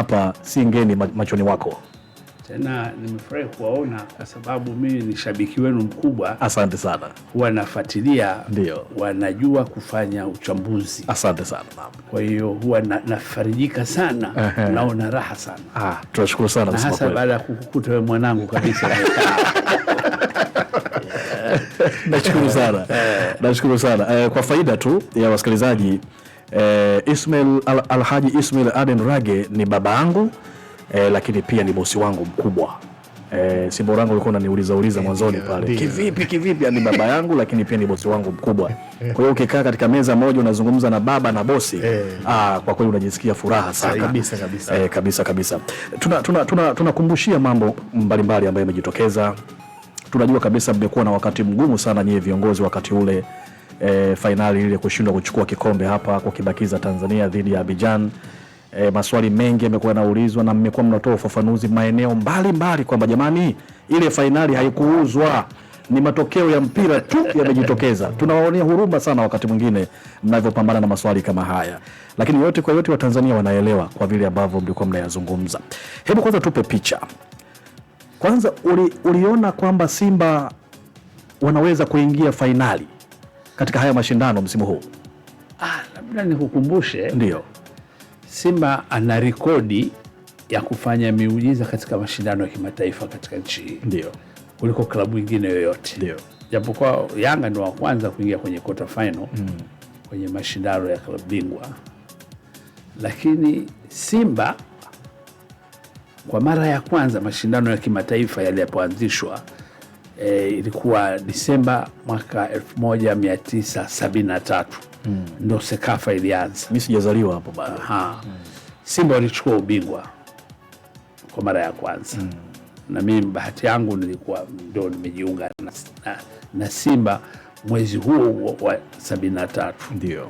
hapa si ngeni machoni wako. Tena nimefurahi kuwaona kwa sababu mimi ni shabiki wenu mkubwa. Asante sana. Wanafuatilia, ndio wanajua kufanya uchambuzi. Asante sana. Kwa hiyo huwa na, nafarijika sana naona raha sana. Ah, tunashukuru sana hasa baada ya kukukuta wewe mwanangu kabisa. Nashukuru sana eh. nashukuru sana eh, kwa faida tu ya wasikilizaji eh, Ismail al Alhaji Ismail Aden Rage ni baba yangu eh, lakini pia ni bosi wangu mkubwa eh, si borangu ulikuwa uliza eh, mwanzoni pale kivipi kivipi, ni baba yangu lakini pia ni bosi wangu mkubwa. Kwa hiyo ukikaa katika meza moja unazungumza na baba na bosi eh. ah, kwa kweli unajisikia furaha sana kabisa kabisa, eh, kabisa, kabisa. Tunakumbushia tuna, tuna, tuna mambo mbalimbali ambayo yamejitokeza. Tunajua kabisa mmekuwa na wakati mgumu sana nyie viongozi wakati ule e, eh, fainali ile kushindwa kuchukua kikombe hapa kwa kibakiza Tanzania dhidi ya Abidjan. E, maswali mengi yamekuwa yanaulizwa na mmekuwa mnatoa ufafanuzi maeneo mbalimbali kwamba jamani, ile fainali haikuuzwa, ni matokeo ya mpira tu yamejitokeza. Tunawaonea huruma sana wakati mwingine mnavyopambana na maswali kama haya, lakini yote kwa yote Watanzania wanaelewa kwa vile ambavyo mlikuwa mnayazungumza. Hebu kwanza tupe picha kwanza, uli, uliona kwamba Simba wanaweza kuingia fainali katika haya mashindano msimu huu? Ah, labda nikukumbushe. Ndio, Simba ana rekodi ya kufanya miujiza katika mashindano ya kimataifa katika nchi hii, ndio kuliko klabu ingine yoyote, ndio japokuwa Yanga ndio wa kwanza kuingia kwenye quarter final mm, kwenye mashindano ya klabu bingwa, lakini Simba kwa mara ya kwanza mashindano ya kimataifa yalipoanzishwa e, ilikuwa Disemba mwaka 1973 mm. Ndo Sekafa ilianza, mimi sijazaliwa hapo bado. mm. Simba walichukua ubingwa kwa mara ya kwanza mm. na mimi bahati yangu nilikuwa ndo nimejiunga na, na, na Simba mwezi huo wa tatu ndio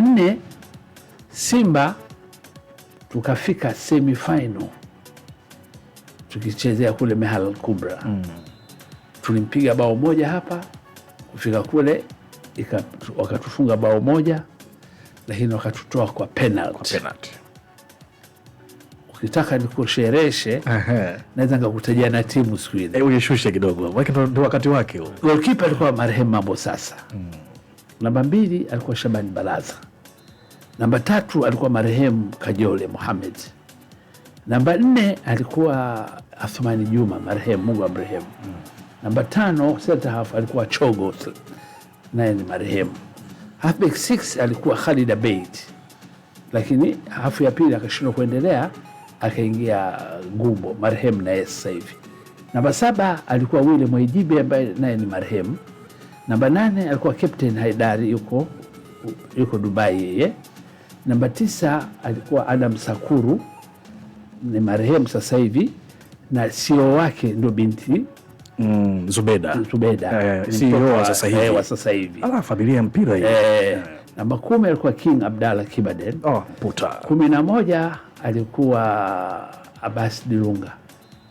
nne Simba tukafika semifinal tukichezea kule Mehal Kubra mm tulimpiga bao moja hapa, kufika kule wakatufunga bao moja, lakini wakatutoa kwa penalty. Ukitaka nikushereshe, naweza nikakutajia na timu siku ile. Eh, kidogo, ndo wakati wake Golkipa alikuwa marehemu Mambo Sasa. Mm. Namba mbili alikuwa Shabani Baraza. Namba tatu alikuwa marehemu Kajole muhamed Namba nne alikuwa Athumani Juma marehemu, Mungu amrehemu. Mm. Namba tano half alikuwa Chogo, naye ni marehemu. Halfback 6 alikuwa Khalid Abeid, lakini hafu ya pili akashindwa kuendelea, akaingia Gumbo, marehemu naye sasa hivi. Namba saba alikuwa Wile Mwaijibe ambaye naye ni marehemu. Namba nane alikuwa Captain Haidari, yuko yuko Dubai yeye. Namba tisa alikuwa Adam Sakuru, ni marehemu sasa hivi, na sio e wake ndio binti Mm, Zubeda, Zubeda eh, eh, wa sasa hivi ala familia ya mpira hiyo eh, eh, namba kumi alikuwa King Abdalla Kibaden oh, puta kumi na moja alikuwa Abbas Dilunga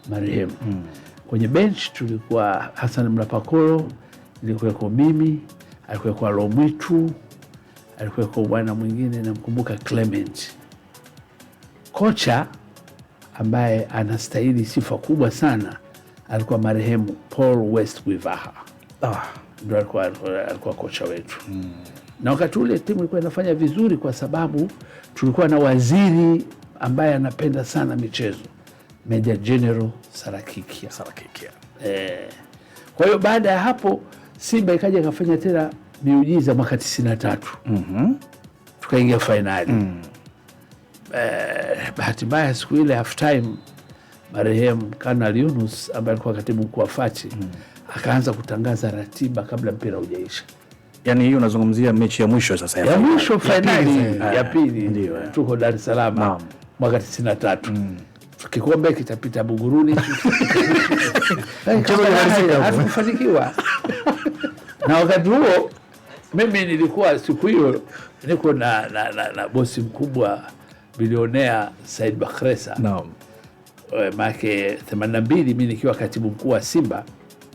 marehemu mm. Kwenye bench tulikuwa Hassan Mlapakolo, ilikuweko mimi, alikuweko Lomwitu, alikuweko bwana mwingine namkumbuka Clement. Kocha ambaye anastahili sifa kubwa sana alikuwa marehemu Paul West Wivaha ah. Ndo alikuwa, alikuwa, alikuwa kocha wetu mm. Na wakati ule timu ilikuwa inafanya vizuri kwa sababu tulikuwa na waziri ambaye anapenda sana michezo, Meja General Sarakikia, Sarakikia. Eh. Kwa hiyo baada ya hapo Simba ikaja ikafanya tena miujiza mwaka tisini na tatu mm -hmm. Tukaingia fainali mm. Eh, bahati mbaya siku ile half time marehemu Kanal Yunus ambaye alikuwa katibu mkuu wa Fachi mm. akaanza kutangaza ratiba kabla mpira hujaisha. Yani hiyo unazungumzia mechi ya mwisho sasa, ya mwisho fainali ya pili, eh. Eh. Eh. tuko Dar es Salaam mwaka 93 hmm. kikombe kitapita Buguruni, hatukufanikiwa na wakati huo mimi nilikuwa siku hiyo niko na, na, na, na bosi mkubwa bilionea Said Bakresa no. Eh, maake 82 mimi nikiwa katibu mkuu wa Simba,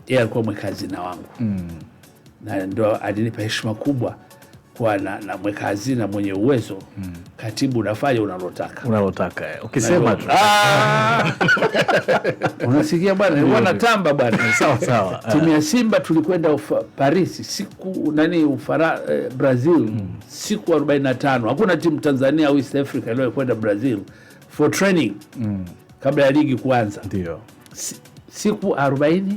yeye alikuwa mweka hazina wangu mm. na ndo alinipa heshima kubwa kuwa na, na mweka hazina mwenye uwezo mm. Katibu unafanya unalotaka unalotaka, eh. ukisema tu ah! unasikia bwana, bwana tamba bwana. sawa sawa, timu ya ah. Simba tulikwenda Paris siku nani ufara, eh, Brazil mm. siku 45 hakuna timu Tanzania au East Africa iliyokwenda Brazil for training mm kabla ya ligi kuanza, ndio siku 45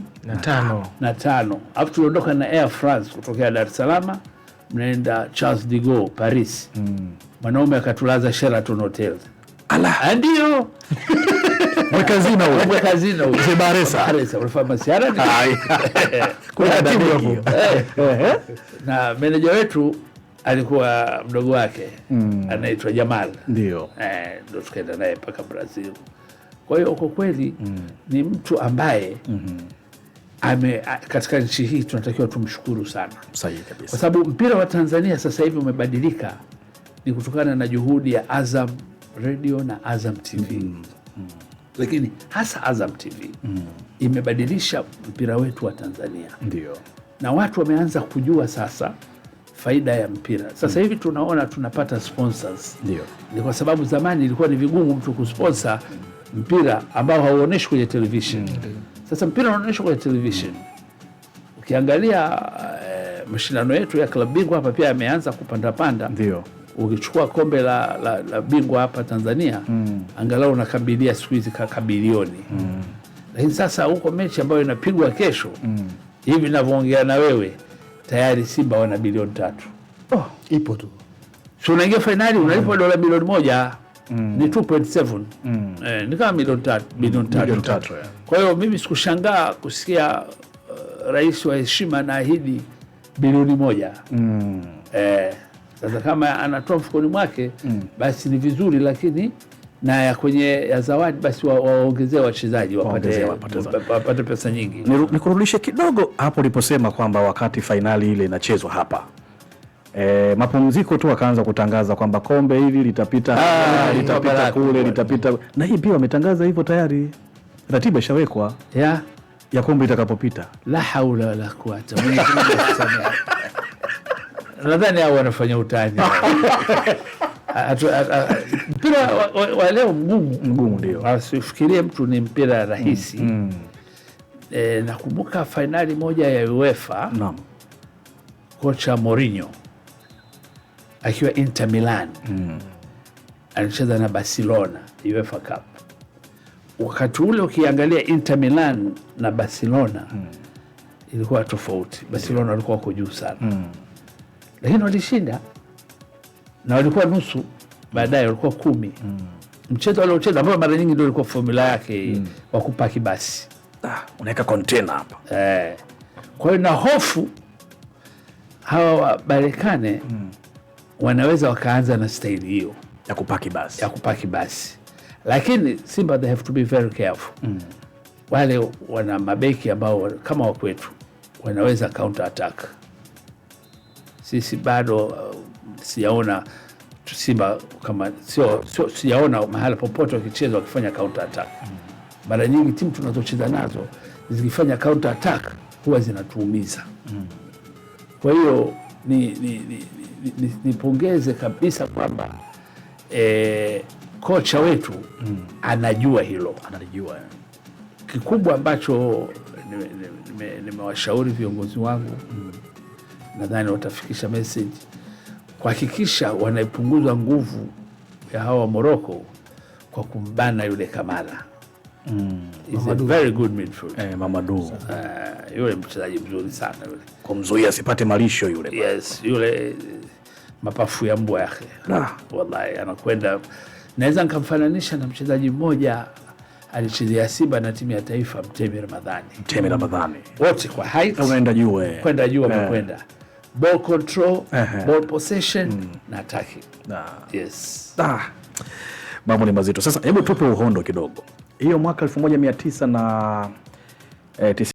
na tano alafu tuliondoka na Air France kutokea Dar es Salaam mnaenda Charles de Gaulle Paris. Mm. Mwanaume akatulaza Sheraton Hotel. Ala, ah, ndio na meneja wetu alikuwa mdogo wake mm. anaitwa Jamal, ndio eh, ndo tukaenda naye mpaka Brazil. Kwa hiyo kwa kweli mm. ni mtu ambaye mm -hmm. ame, katika nchi hii tunatakiwa tumshukuru sana, sahihi kabisa, kwa sababu mpira wa Tanzania sasa hivi umebadilika, ni kutokana na juhudi ya Azam Radio na Azam TV mm -hmm. Mm-hmm. lakini hasa Azam TV mm -hmm. imebadilisha mpira wetu wa Tanzania, ndio na watu wameanza kujua sasa faida ya mpira sasa mm. hivi, tunaona tunapata sponsors. Ndio, ni kwa sababu zamani ilikuwa ni vigumu mtu kusponsor mm mpira ambao hauonyeshi kwenye television. Mm, sasa mpira unaonyeshwa kwenye television, mm. ukiangalia e, mashindano yetu ya klabu bingwa hapa pia yameanza kupandapanda. Ndio ukichukua kombe la, la, la bingwa hapa Tanzania mm. angalau unakabilia siku hizi kabilioni mm. lakini sasa huko mechi ambayo inapigwa kesho mm. hivi navyoongea na wewe tayari Simba wana bilioni tatu. Oh, ipo tu, so unaingia fainali unalipa mm. dola bilioni moja. Mm. ni 2.7 mm. Eh, ni kama milioni tatu bilioni tatu, tatu. Kwa hiyo mimi sikushangaa kusikia uh, rais wa heshima anaahidi bilioni moja mm. eh, sasa kama anatoa mfukoni mwake mm. basi ni vizuri, lakini na ya kwenye ya zawadi basi waongezee wa wachezaji wapate pesa nyingi. Nikurudishe kidogo hapo uliposema kwamba wakati fainali ile inachezwa hapa E, mapumziko tu wakaanza kutangaza kwamba kombe hili litapita ah, litapita kule litapita, na hii pia wametangaza hivyo tayari, ratiba ishawekwa ya, ya kombe itakapopita. La haula wala quwata nadhani hao wanafanya utani mpira wa leo mgumu mgumu, ndio asifikirie ah, mtu ni mpira rahisi mm. E, nakumbuka fainali moja ya UEFA kocha Mourinho akiwa Inter Milan mm. alicheza na Barcelona UEFA Cup. Wakati ule ukiangalia Inter Milan na Barcelona mm. ilikuwa tofauti. Barcelona walikuwa wako juu sana mm. lakini walishinda na walikuwa nusu, baadaye walikuwa kumi mm. mchezo aliocheza ambao mara nyingi ndio ilikuwa fomula yake mm. wa kupaki basi ah, unaweka kontena hapa eh. Kwa hiyo na hofu hawa wabarekane mm wanaweza wakaanza na staili hiyo ya kupaki basi, ya kupaki basi, lakini Simba they have to be very careful mm. Wale wana mabeki ambao kama wakwetu wanaweza counter attack. Sisi bado uh, sijaona Simba kama sio sio, sijaona mahala popote wakicheza wakifanya counter attack mm. Mara nyingi timu tunazocheza nazo zikifanya counter attack huwa zinatuumiza mm. Kwa hiyo ni, ni, ni, nipongeze kabisa kwamba e, kocha wetu mm. anajua hilo, analijua kikubwa ambacho nimewashauri nime, nime viongozi wangu mm. nadhani watafikisha meseji kuhakikisha wanaipunguza nguvu ya hawa Moroko kwa kumbana yule Kamara. Mm. Mamadou. Very good midfield. Eh, Mamadou. Uh, yule mchezaji mzuri sana yule. Kumzuia asipate malisho yule. Yes, yule eh, mapafu ya mbwa yake. Nah. Wallahi anakwenda naweza nikamfananisha na mchezaji mmoja alichezea Simba na timu ya taifa Mtemi Ramadhani. Mtemi Ramadhani. Wote kwa height. Unaenda juu eh. Kwenda juu eh. amekwenda. Yeah. Ball control, uh -huh. Ball possession mm. na attacking. Nah. Yes. Ah. Mambo ni mazito. Sasa hebu tupe uhondo kidogo hiyo mwaka elfu moja mia tisa na eh,